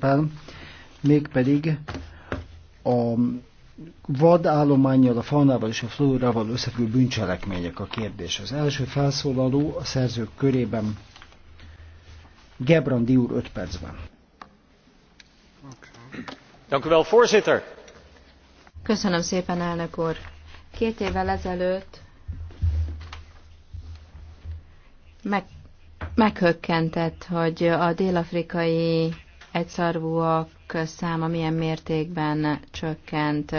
szerepel, mégpedig a vadállományjal, a faunával és a flórával összefüggő bűncselekmények a kérdés. Az első felszólaló a szerzők körében Gebrandi úr 5 percben. Köszönöm szépen, elnök úr. Két évvel ezelőtt meg, meghökkentett, hogy a dél-afrikai egyszarvúak száma milyen mértékben csökkent.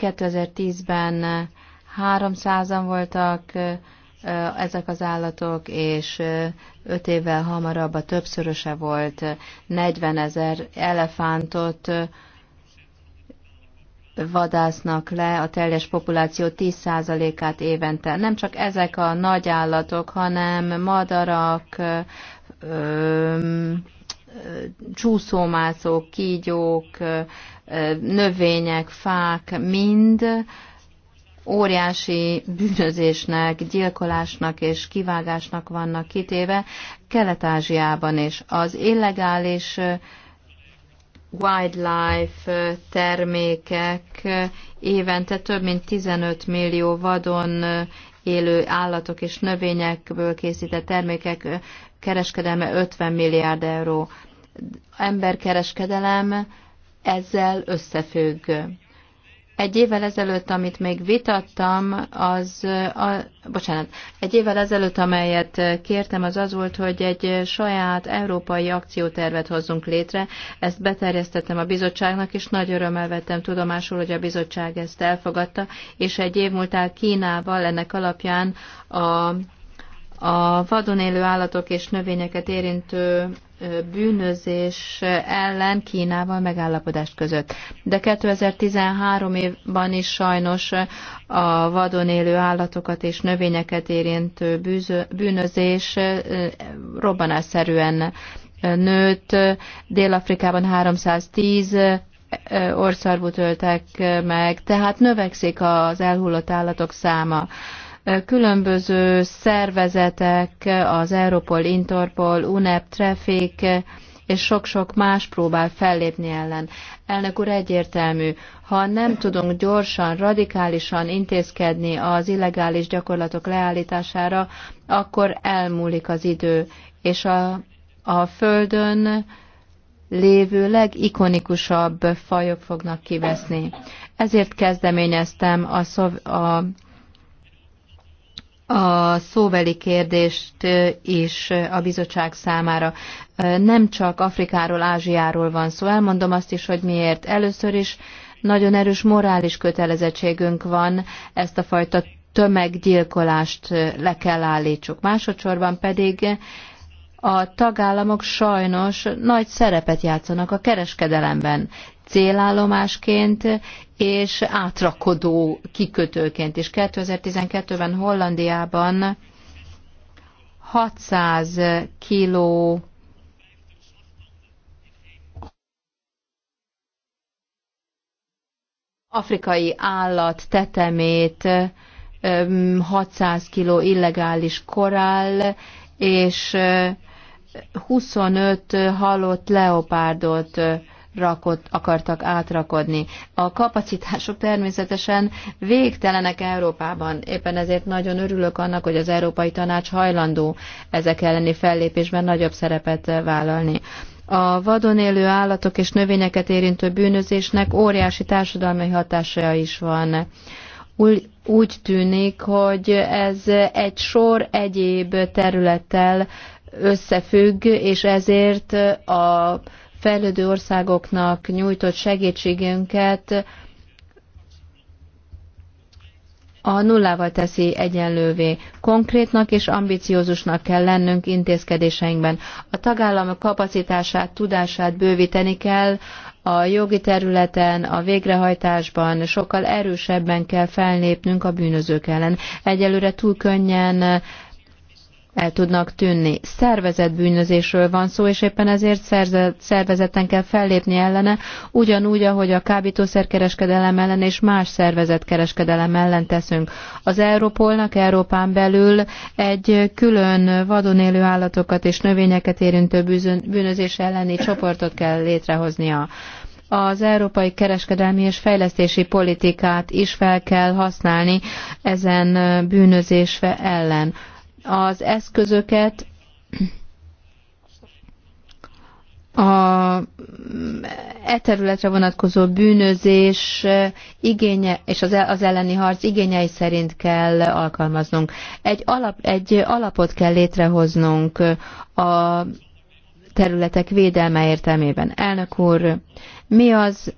2010-ben e, e, 300-an voltak e, ezek az állatok, és 5 évvel hamarabb a többszöröse volt 40 ezer elefántot vadásznak le a teljes populáció 10%-át évente. Nem csak ezek a nagy állatok, hanem madarak, csúszómászók, kígyók, növények, fák, mind óriási bűnözésnek, gyilkolásnak és kivágásnak vannak kitéve Kelet-Ázsiában is. Az illegális wildlife termékek évente több mint 15 millió vadon élő állatok és növényekből készített termékek kereskedelme 50 milliárd euró. Emberkereskedelem ezzel összefügg egy évvel ezelőtt, amit még vitattam, az, a, bocsánat, egy évvel ezelőtt, amelyet kértem, az az volt, hogy egy saját európai akciótervet hozzunk létre. Ezt beterjesztettem a bizottságnak, és nagy örömmel vettem tudomásul, hogy a bizottság ezt elfogadta, és egy év múltán Kínával ennek alapján a, a vadon élő állatok és növényeket érintő bűnözés ellen Kínával megállapodást között. De 2013-ban is sajnos a vadon élő állatokat és növényeket érintő bűnözés robbanásszerűen nőtt. Dél-Afrikában 310 orszarvút öltek meg, tehát növekszik az elhullott állatok száma. Különböző szervezetek, az Europol, Interpol, UNEP, Traffic, és sok-sok más próbál fellépni ellen. Elnök úr egyértelmű, ha nem tudunk gyorsan, radikálisan intézkedni az illegális gyakorlatok leállítására, akkor elmúlik az idő, és a, a Földön lévő legikonikusabb fajok fognak kiveszni. Ezért kezdeményeztem a, szov, a a szóbeli kérdést is a bizottság számára. Nem csak Afrikáról, Ázsiáról van szó, elmondom azt is, hogy miért. Először is nagyon erős morális kötelezettségünk van ezt a fajta tömeggyilkolást le kell állítsuk. Másodszorban pedig a tagállamok sajnos nagy szerepet játszanak a kereskedelemben célállomásként és átrakodó kikötőként is. 2012-ben Hollandiában 600 kiló afrikai állat tetemét, 600 kiló illegális korál, és 25 halott leopárdot rakott, akartak átrakodni. A kapacitások természetesen végtelenek Európában. Éppen ezért nagyon örülök annak, hogy az Európai Tanács hajlandó ezek elleni fellépésben nagyobb szerepet vállalni. A vadon élő állatok és növényeket érintő bűnözésnek óriási társadalmi hatása is van. Úgy, úgy tűnik, hogy ez egy sor egyéb területtel összefügg, és ezért a fejlődő országoknak nyújtott segítségünket a nullával teszi egyenlővé. Konkrétnak és ambiciózusnak kell lennünk intézkedéseinkben. A tagállamok kapacitását, tudását bővíteni kell, a jogi területen, a végrehajtásban sokkal erősebben kell fellépnünk a bűnözők ellen. Egyelőre túl könnyen el tudnak tűnni. Szervezett bűnözésről van szó, és éppen ezért szervezeten kell fellépni ellene, ugyanúgy, ahogy a kábítószerkereskedelem ellen és más kereskedelem ellen teszünk. Az Európolnak Európán belül egy külön vadon élő állatokat és növényeket érintő bűnözés elleni csoportot kell létrehoznia az európai kereskedelmi és fejlesztési politikát is fel kell használni ezen bűnözésve ellen az eszközöket a e területre vonatkozó bűnözés igénye, és az, az elleni harc igényei szerint kell alkalmaznunk. Egy, alap, egy alapot kell létrehoznunk a területek védelme értelmében. Elnök úr, mi az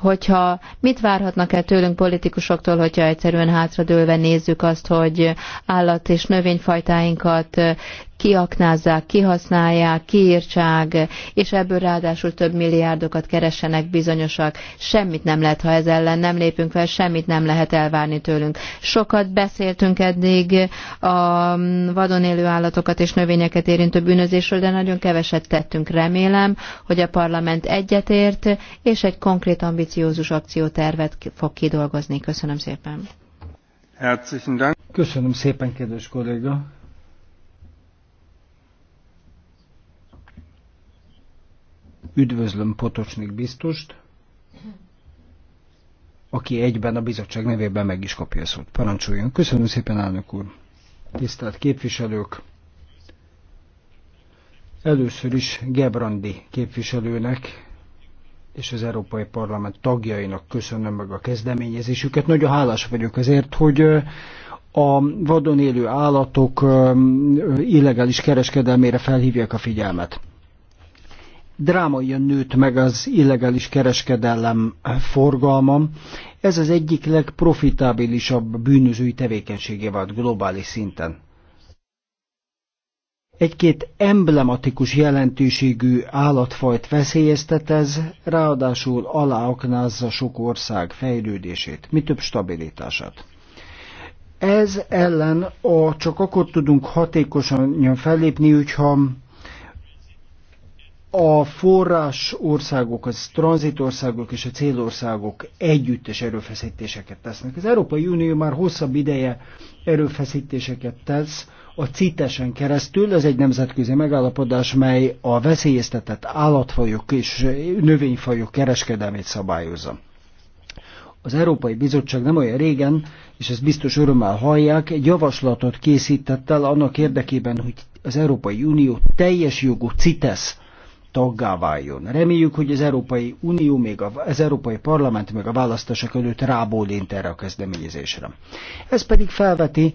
hogyha mit várhatnak el tőlünk politikusoktól, hogyha egyszerűen hátradőlve nézzük azt, hogy állat és növényfajtáinkat kiaknázzák, kihasználják, kiírtsák, és ebből ráadásul több milliárdokat keressenek bizonyosak. Semmit nem lehet, ha ez ellen nem lépünk fel, semmit nem lehet elvárni tőlünk. Sokat beszéltünk eddig a vadon élő állatokat és növényeket érintő bűnözésről, de nagyon keveset tettünk. Remélem, hogy a parlament egyetért, és egy konkrét ambiciózus akciótervet fog kidolgozni. Köszönöm szépen. Köszönöm szépen, kedves kolléga. Üdvözlöm Potocsnik biztost, aki egyben a bizottság nevében meg is kapja a szót. Parancsoljon. Köszönöm szépen, elnök úr. Tisztelt képviselők! Először is Gebrandi képviselőnek és az Európai Parlament tagjainak köszönöm meg a kezdeményezésüket. Nagyon hálás vagyok azért, hogy a vadon élő állatok illegális kereskedelmére felhívják a figyelmet drámaian nőtt meg az illegális kereskedelem forgalma. Ez az egyik legprofitabilisabb bűnözői tevékenysége vált globális szinten. Egy-két emblematikus jelentőségű állatfajt veszélyeztet ez, ráadásul aláaknázza sok ország fejlődését, mi több stabilitását. Ez ellen a, csak akkor tudunk hatékosan fellépni, hogyha a forrás országok, az tranzitországok és a célországok együttes erőfeszítéseket tesznek. Az Európai Unió már hosszabb ideje erőfeszítéseket tesz a citesen keresztül, ez egy nemzetközi megállapodás, mely a veszélyeztetett állatfajok és növényfajok kereskedelmét szabályozza. Az Európai Bizottság nem olyan régen, és ezt biztos örömmel hallják, egy javaslatot készített el annak érdekében, hogy az Európai Unió teljes jogú CITES taggá váljon. Reméljük, hogy az Európai Unió, még az Európai Parlament meg a választások előtt rábólint erre a kezdeményezésre. Ez pedig felveti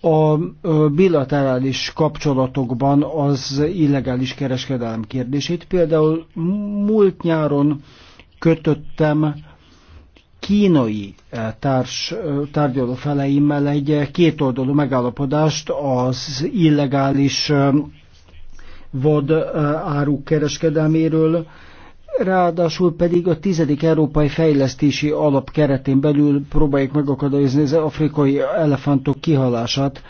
a bilaterális kapcsolatokban az illegális kereskedelem kérdését. Például múlt nyáron kötöttem kínai eh, társ, eh, tárgyaló feleimmel egy eh, kétoldalú megállapodást az illegális vad áruk kereskedelméről, ráadásul pedig a tizedik Európai Fejlesztési Alap keretén belül próbáljuk megakadályozni az afrikai elefántok kihalását.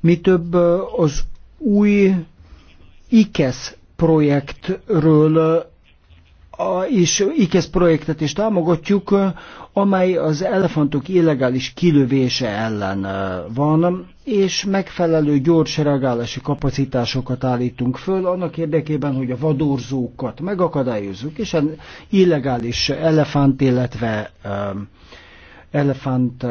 Mi több az új IKESZ projektről és IKESZ projektet is támogatjuk, amely az elefantok illegális kilövése ellen van, és megfelelő gyors reagálási kapacitásokat állítunk föl annak érdekében, hogy a vadorzókat megakadályozzuk, és az illegális elefánt, illetve elefánt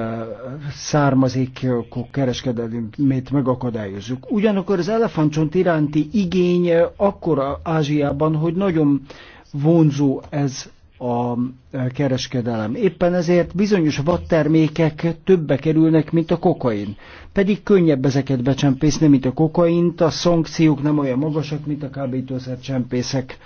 származékok kereskedelmét megakadályozzuk. Ugyanakkor az elefántcsont iránti igény akkor Ázsiában, hogy nagyon vonzó ez a e, kereskedelem. Éppen ezért bizonyos vadtermékek többe kerülnek, mint a kokain. Pedig könnyebb ezeket becsempészni, mint a kokaint, a szankciók nem olyan magasak, mint a kábítószer csempészek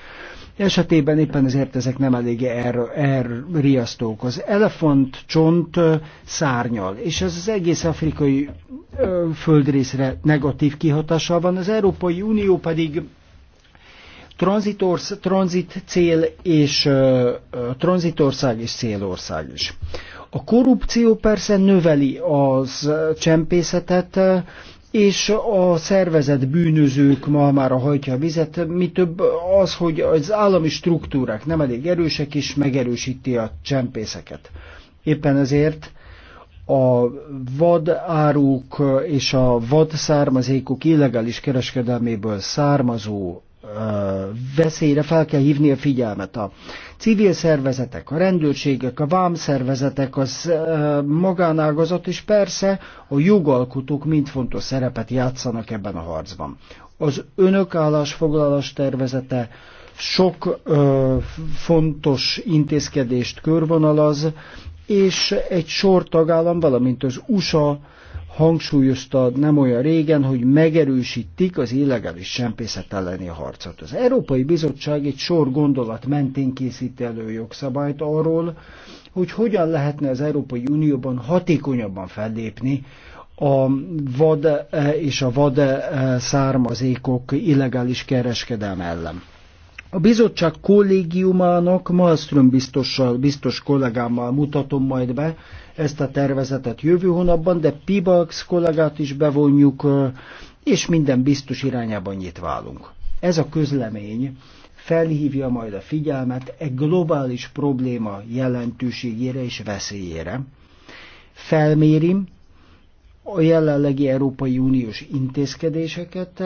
esetében éppen ezért ezek nem elég er, elriasztók. az elefant csont e, szárnyal, és ez az egész afrikai e, földrészre negatív kihatással van, az Európai Unió pedig tranzitország, tranzit cél és tranzitország és célország is. A korrupció persze növeli az csempészetet, és a szervezet bűnözők ma már a hajtja a vizet, mi több az, hogy az állami struktúrák nem elég erősek, és megerősíti a csempészeket. Éppen ezért a vadáruk és a vadszármazékok illegális kereskedelméből származó veszélyre fel kell hívni a figyelmet. A civil szervezetek, a rendőrségek, a vámszervezetek, az magánágazat, is persze a jogalkotók mind fontos szerepet játszanak ebben a harcban. Az önök állásfoglalás tervezete sok ö, fontos intézkedést körvonalaz, és egy sor tagállam, valamint az USA hangsúlyozta nem olyan régen, hogy megerősítik az illegális csempészet elleni harcot. Az Európai Bizottság egy sor gondolat mentén készít elő jogszabályt arról, hogy hogyan lehetne az Európai Unióban hatékonyabban fellépni a vad eh, és a vad eh, származékok illegális kereskedelme ellen. A bizottság kollégiumának Malmström biztossal, biztos kollégámmal mutatom majd be ezt a tervezetet jövő hónapban, de Pibax kollégát is bevonjuk, és minden biztos irányában nyitva állunk. Ez a közlemény felhívja majd a figyelmet egy globális probléma jelentőségére és veszélyére. Felmérim, a jelenlegi Európai Uniós intézkedéseket,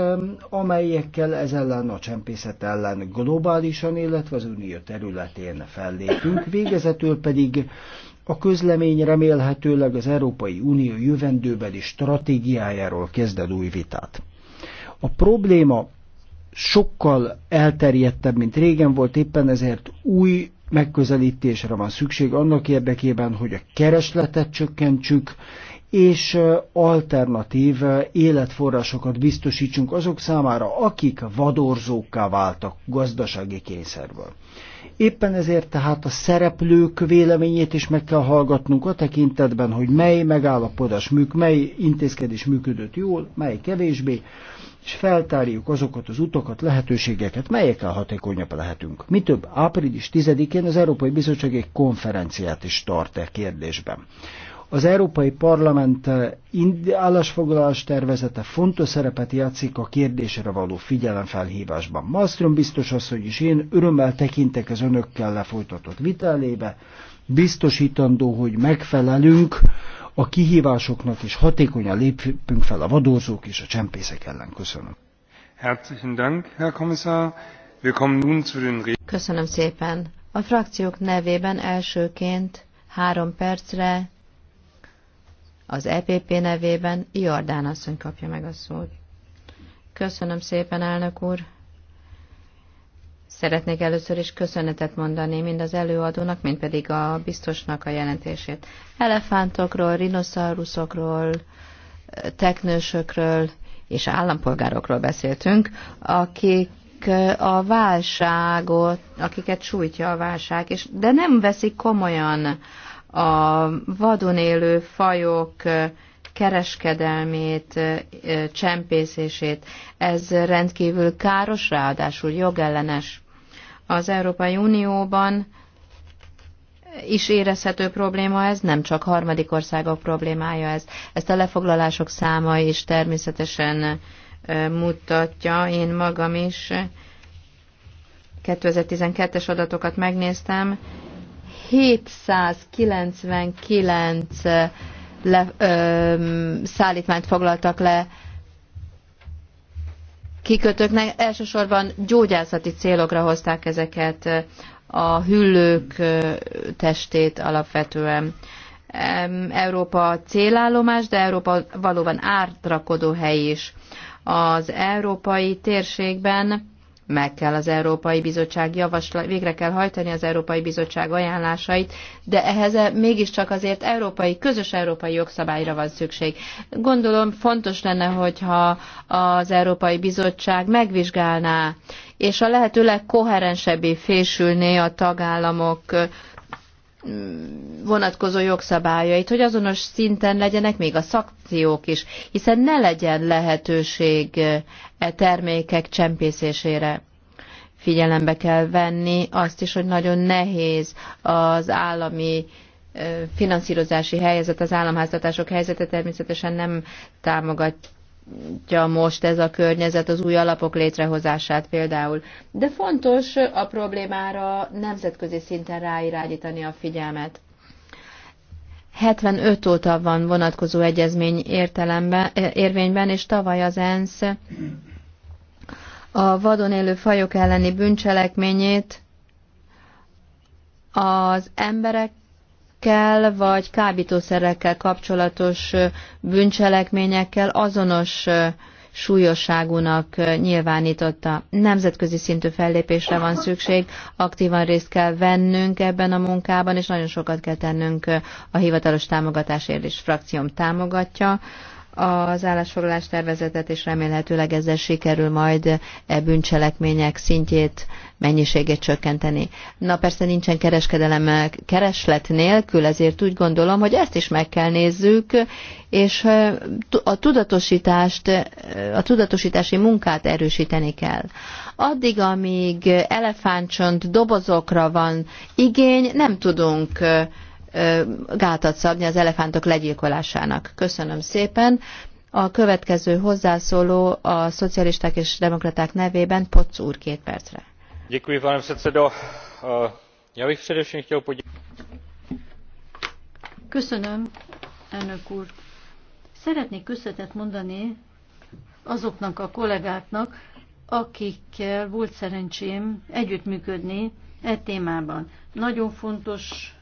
amelyekkel ez ellen a csempészet ellen globálisan, illetve az unió területén fellépünk. Végezetül pedig a közlemény remélhetőleg az Európai Unió jövendőbeli stratégiájáról el új vitát. A probléma sokkal elterjedtebb, mint régen volt, éppen ezért új megközelítésre van szükség annak érdekében, hogy a keresletet csökkentsük, és alternatív életforrásokat biztosítsunk azok számára, akik vadorzókká váltak gazdasági kényszerből. Éppen ezért tehát a szereplők véleményét is meg kell hallgatnunk a tekintetben, hogy mely megállapodás, műk, mely intézkedés működött jól, mely kevésbé, és feltárjuk azokat az utakat, lehetőségeket, melyekkel hatékonyabb lehetünk. Mi több, április 10-én az Európai Bizottság egy konferenciát is tart e kérdésben. Az Európai Parlament eh, állásfoglalás tervezete fontos szerepet játszik a kérdésre való figyelemfelhívásban. Malmström biztos asszony is én örömmel tekintek az önökkel lefolytatott vitelébe, biztosítandó, hogy megfelelünk a kihívásoknak, és hatékonyan lépünk fel a vadózók és a csempészek ellen. Köszönöm. Herzlichen Dank, Herr Kommissar. nun zu den Köszönöm szépen. A frakciók nevében elsőként három percre az EPP nevében Jordán asszony kapja meg a szót. Köszönöm szépen, elnök úr! Szeretnék először is köszönetet mondani mind az előadónak, mind pedig a biztosnak a jelentését. Elefántokról, rinoszauruszokról, teknősökről és állampolgárokról beszéltünk, akik a válságot, akiket sújtja a válság, és de nem veszik komolyan a vadon élő fajok kereskedelmét, csempészését. Ez rendkívül káros, ráadásul jogellenes. Az Európai Unióban is érezhető probléma ez, nem csak harmadik országok problémája ez. Ezt a lefoglalások száma is természetesen mutatja. Én magam is 2012-es adatokat megnéztem, 799 le, ö, szállítmányt foglaltak le kikötőknek. Elsősorban gyógyászati célokra hozták ezeket a hüllők testét alapvetően. Európa célállomás, de Európa valóban átrakodó hely is. Az európai térségben meg kell az Európai Bizottság javasla, végre kell hajtani az Európai Bizottság ajánlásait, de ehhez mégiscsak azért európai, közös európai jogszabályra van szükség. Gondolom fontos lenne, hogyha az Európai Bizottság megvizsgálná, és a lehető legkoherensebbé fésülné a tagállamok vonatkozó jogszabályait, hogy azonos szinten legyenek még a szakciók is, hiszen ne legyen lehetőség e termékek csempészésére. Figyelembe kell venni azt is, hogy nagyon nehéz az állami finanszírozási helyzet, az államháztatások helyzete természetesen nem támogat, támogatja most ez a környezet az új alapok létrehozását például. De fontos a problémára nemzetközi szinten ráirányítani a figyelmet. 75 óta van vonatkozó egyezmény értelemben, érvényben, és tavaly az ENSZ a vadon élő fajok elleni bűncselekményét az emberek bűnökkel vagy kábítószerekkel kapcsolatos bűncselekményekkel azonos súlyosságúnak nyilvánította. Nemzetközi szintű fellépésre van szükség, aktívan részt kell vennünk ebben a munkában, és nagyon sokat kell tennünk a hivatalos támogatásért is. Frakcióm támogatja az állásorolás tervezetet, és remélhetőleg ezzel sikerül majd e bűncselekmények szintjét, mennyiségét csökkenteni. Na persze nincsen kereskedelem kereslet nélkül, ezért úgy gondolom, hogy ezt is meg kell nézzük, és e, a tudatosítást, e, a tudatosítási munkát erősíteni kell. Addig, amíg elefántcsont dobozokra van igény, nem tudunk e, gátat szabni az elefántok legyilkolásának. Köszönöm szépen. A következő hozzászóló a szocialisták és demokraták nevében Poc úr két percre. Děkuji, pane předsedo. Já bych především chtěl Köszönöm, elnök úr. Szeretnék köszönetet mondani azoknak a kollégáknak, akikkel volt szerencsém együttműködni e témában. Nagyon fontos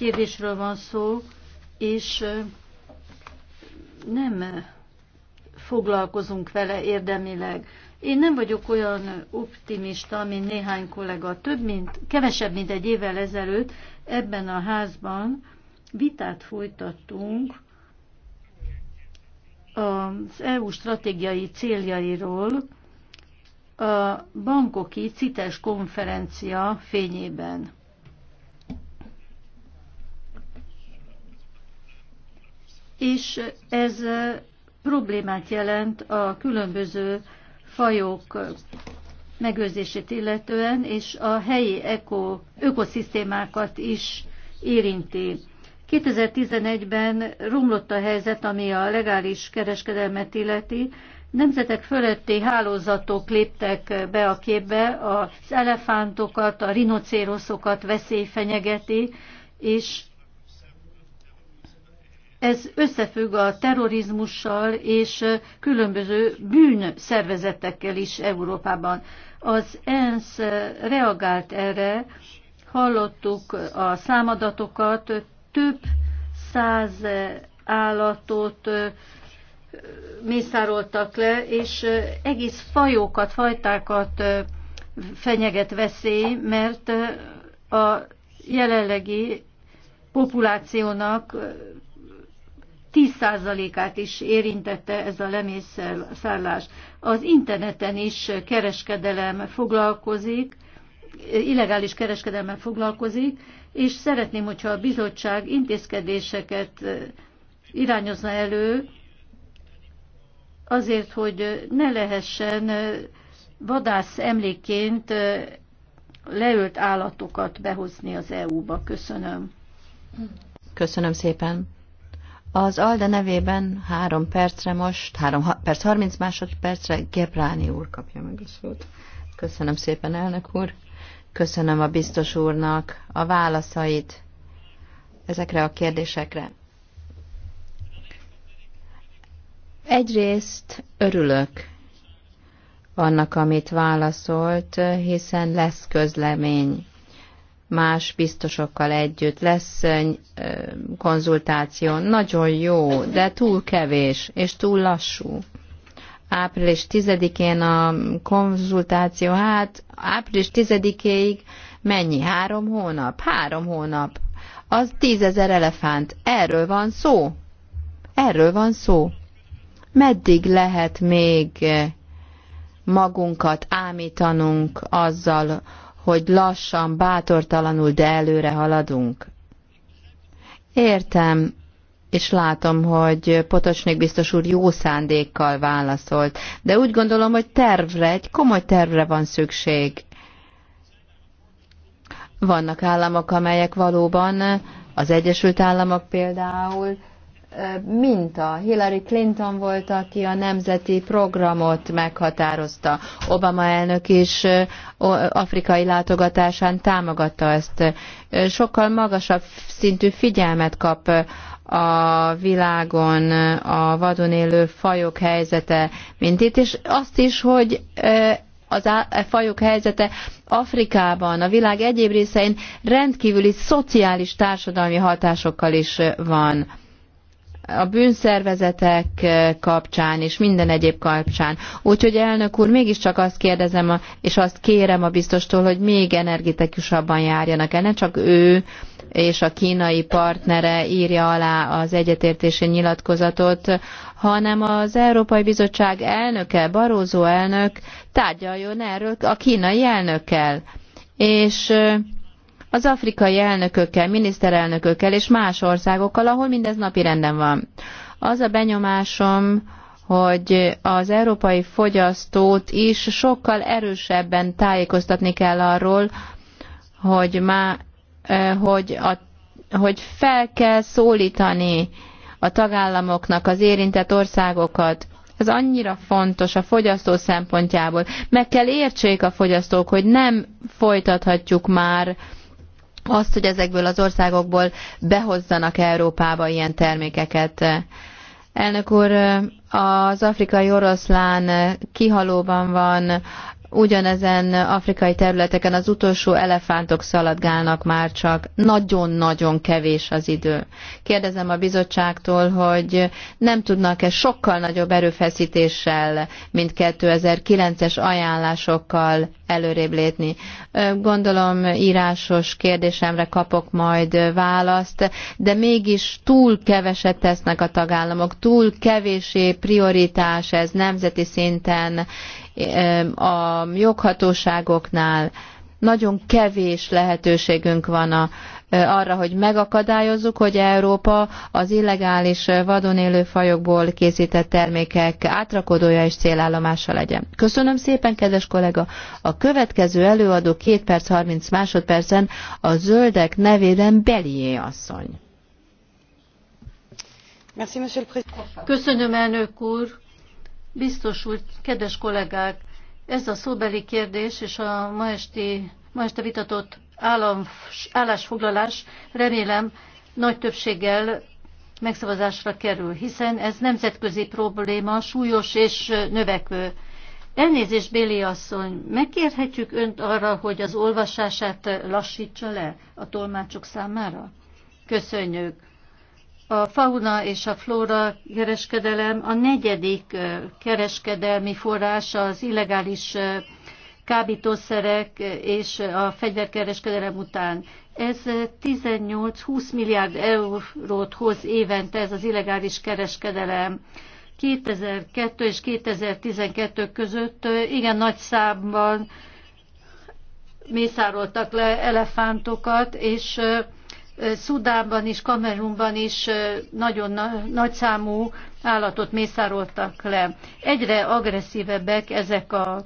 kérdésről van szó, és nem foglalkozunk vele érdemileg. Én nem vagyok olyan optimista, mint néhány kollega. Több mint, kevesebb, mint egy évvel ezelőtt ebben a házban vitát folytattunk az EU stratégiai céljairól a bankoki CITES konferencia fényében. és ez problémát jelent a különböző fajok megőrzését illetően, és a helyi eko, ökoszisztémákat is érinti. 2011-ben romlott a helyzet, ami a legális kereskedelmet illeti. Nemzetek fölötti hálózatok léptek be a képbe, az elefántokat, a rinocéroszokat veszély fenyegeti, és ez összefügg a terrorizmussal és különböző bűnszervezetekkel is Európában. Az ENSZ reagált erre, hallottuk a számadatokat, több száz állatot mészároltak le, és egész fajokat, fajtákat fenyeget veszély, mert a jelenlegi populációnak 10%-át is érintette ez a lemészárlás. Az interneten is kereskedelem foglalkozik, illegális kereskedelemmel foglalkozik, és szeretném, hogyha a bizottság intézkedéseket irányozna elő, azért, hogy ne lehessen vadász emlékként leült állatokat behozni az EU-ba. Köszönöm. Köszönöm szépen. Az ALDE nevében három percre most, három perc, harminc másodpercre Gebráni úr kapja meg a szót. Köszönöm szépen, elnök úr. Köszönöm a biztos úrnak a válaszait ezekre a kérdésekre. Egyrészt örülök annak, amit válaszolt, hiszen lesz közlemény más biztosokkal együtt lesz konzultáció. Nagyon jó, de túl kevés és túl lassú. Április 10-én a konzultáció, hát április 10-ig mennyi? Három hónap? Három hónap. Az tízezer elefánt. Erről van szó. Erről van szó. Meddig lehet még magunkat ámítanunk azzal, hogy lassan, bátortalanul, de előre haladunk? Értem, és látom, hogy Potocsnik biztos úr jó szándékkal válaszolt, de úgy gondolom, hogy tervre, egy komoly tervre van szükség. Vannak államok, amelyek valóban, az Egyesült Államok például minta. Hillary Clinton volt, aki a nemzeti programot meghatározta. Obama elnök is afrikai látogatásán támogatta ezt. Sokkal magasabb szintű figyelmet kap a világon a vadon élő fajok helyzete, mint itt, és azt is, hogy az á, e fajok helyzete Afrikában, a világ egyéb részein rendkívüli szociális társadalmi hatásokkal is van a bűnszervezetek eh, kapcsán és minden egyéb kapcsán. Úgyhogy elnök úr, mégiscsak azt kérdezem, és azt kérem a biztostól, hogy még energetikusabban járjanak el, ne csak ő és a kínai partnere írja alá az egyetértési nyilatkozatot, hanem az Európai Bizottság elnöke, Barózó elnök tárgyaljon erről a kínai elnökkel. És eh, az afrikai elnökökkel, miniszterelnökökkel és más országokkal, ahol mindez napi renden van. Az a benyomásom, hogy az európai fogyasztót is sokkal erősebben tájékoztatni kell arról, hogy, má, hogy, a, hogy fel kell szólítani a tagállamoknak, az érintett országokat. Ez annyira fontos a fogyasztó szempontjából. Meg kell értsék a fogyasztók, hogy nem folytathatjuk már azt, hogy ezekből az országokból behozzanak Európába ilyen termékeket. Elnök úr, az afrikai oroszlán kihalóban van, ugyanezen afrikai területeken az utolsó elefántok szaladgálnak már csak, nagyon-nagyon kevés az idő. Kérdezem a bizottságtól, hogy nem tudnak-e sokkal nagyobb erőfeszítéssel, mint 2009-es ajánlásokkal előrébb lépni. Gondolom írásos kérdésemre kapok majd választ, de mégis túl keveset tesznek a tagállamok, túl kevésé prioritás ez nemzeti szinten, a joghatóságoknál nagyon kevés lehetőségünk van a, arra, hogy megakadályozzuk, hogy Európa az illegális vadon élő fajokból készített termékek átrakodója és célállomása legyen. Köszönöm szépen, kedves kollega! A következő előadó 2 perc 30 másodpercen a zöldek nevében Belié asszony. Köszönöm, elnök úr! Biztos úr, kedves kollégák, ez a szóbeli kérdés és a ma, esti, ma este vitatott állam, állásfoglalás remélem nagy többséggel megszavazásra kerül, hiszen ez nemzetközi probléma, súlyos és növekvő. Elnézést, Béli asszony, megkérhetjük önt arra, hogy az olvasását lassítsa le a tolmácsok számára? Köszönjük. A fauna és a flóra kereskedelem a negyedik kereskedelmi forrás az illegális kábítószerek és a fegyverkereskedelem után. Ez 18-20 milliárd eurót hoz évente ez az illegális kereskedelem. 2002 és 2012 között igen nagy számban mészároltak le elefántokat, és Szudánban is, Kamerunban is nagyon nagyszámú állatot mészároltak le. Egyre agresszívebbek ezek a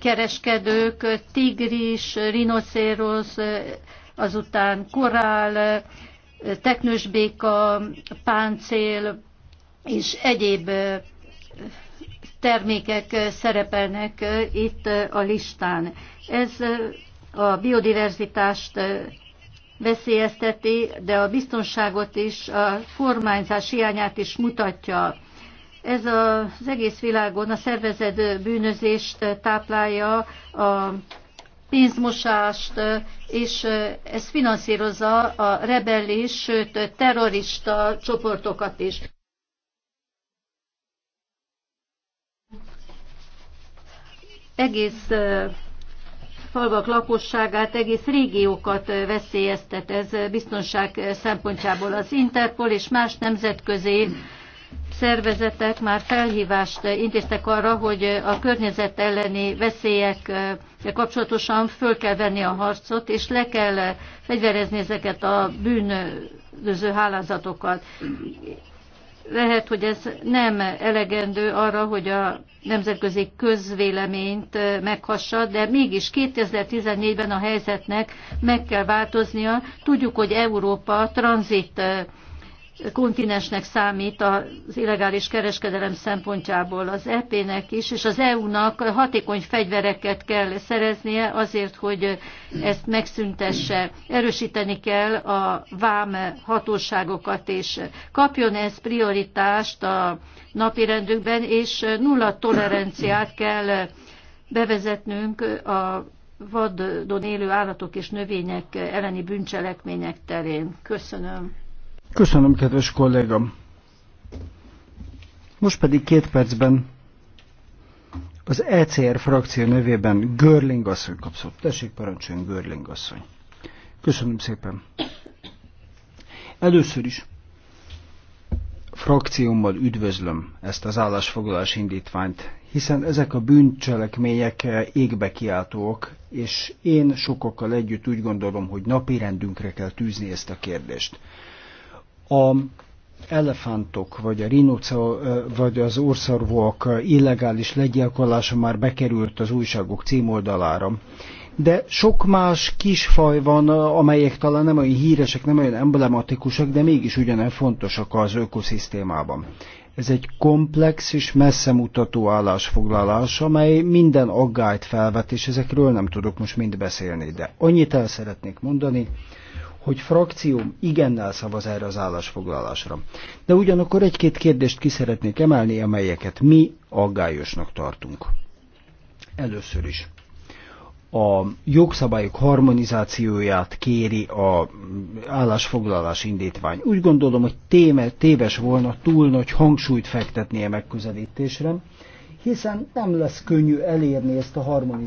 kereskedők, tigris, rinocéros, azután korál, teknősbéka, páncél és egyéb termékek szerepelnek itt a listán. Ez a biodiverzitást veszélyezteti, de a biztonságot is, a kormányzás hiányát is mutatja. Ez az egész világon a szervezet bűnözést táplálja, a pénzmosást, és ez finanszírozza a rebellis, sőt terrorista csoportokat is. Egész falvak lakosságát, egész régiókat veszélyeztet ez biztonság szempontjából. Az Interpol és más nemzetközi szervezetek már felhívást intéztek arra, hogy a környezet elleni veszélyek kapcsolatosan föl kell venni a harcot, és le kell fegyverezni ezeket a bűnöző hálázatokat. Lehet, hogy ez nem elegendő arra, hogy a nemzetközi közvéleményt eh, meghassa, de mégis 2014-ben a helyzetnek meg kell változnia. Tudjuk, hogy Európa tranzit eh, kontinensnek számít az illegális kereskedelem szempontjából az EP-nek is, és az EU-nak hatékony fegyvereket kell szereznie azért, hogy ezt megszüntesse. Erősíteni kell a vám hatóságokat, és kapjon ez prioritást a napirendünkben, és nulla toleranciát kell bevezetnünk a vadon élő állatok és növények elleni bűncselekmények terén. Köszönöm. Köszönöm, kedves kollégám. Most pedig két percben az ECR frakció nevében Görling asszony kapszott. Tessék, parancsoljon Görling asszony. Köszönöm szépen. Először is frakciómmal üdvözlöm ezt az állásfoglalás indítványt, hiszen ezek a bűncselekmények eh, égbe kiáltóak, és én sokakkal együtt úgy gondolom, hogy napi rendünkre kell tűzni ezt a kérdést a elefántok, vagy a rinoca, vagy az orszarvóak illegális legyilkolása már bekerült az újságok címoldalára. De sok más kisfaj van, amelyek talán nem olyan híresek, nem olyan emblematikusak, de mégis ugyanen fontosak az ökoszisztémában. Ez egy komplex és messzemutató állásfoglalás, amely minden aggályt felvet, és ezekről nem tudok most mind beszélni, de annyit el szeretnék mondani, hogy frakcióm igennel szavaz erre az állásfoglalásra. De ugyanakkor egy-két kérdést ki szeretnék emelni, amelyeket mi aggályosnak tartunk. Először is a jogszabályok harmonizációját kéri a állásfoglalás indítvány. Úgy gondolom, hogy téme, téves volna túl nagy hangsúlyt fektetni megközelítésre, hiszen nem lesz könnyű elérni ezt a harmonizációt.